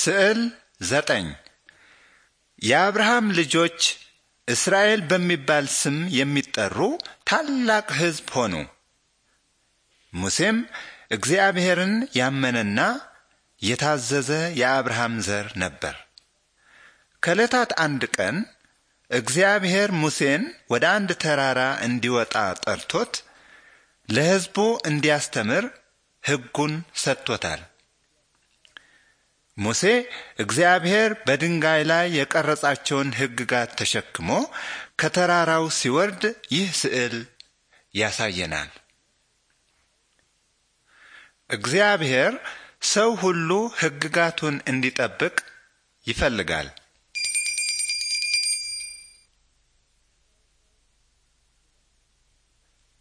ስዕል ዘጠኝ የአብርሃም ልጆች እስራኤል በሚባል ስም የሚጠሩ ታላቅ ሕዝብ ሆኑ። ሙሴም እግዚአብሔርን ያመነና የታዘዘ የአብርሃም ዘር ነበር። ከዕለታት አንድ ቀን እግዚአብሔር ሙሴን ወደ አንድ ተራራ እንዲወጣ ጠርቶት ለሕዝቡ እንዲያስተምር ሕጉን ሰጥቶታል። ሙሴ እግዚአብሔር በድንጋይ ላይ የቀረጻቸውን ሕግጋት ተሸክሞ ከተራራው ሲወርድ ይህ ስዕል ያሳየናል። እግዚአብሔር ሰው ሁሉ ሕግጋቱን እንዲጠብቅ ይፈልጋል።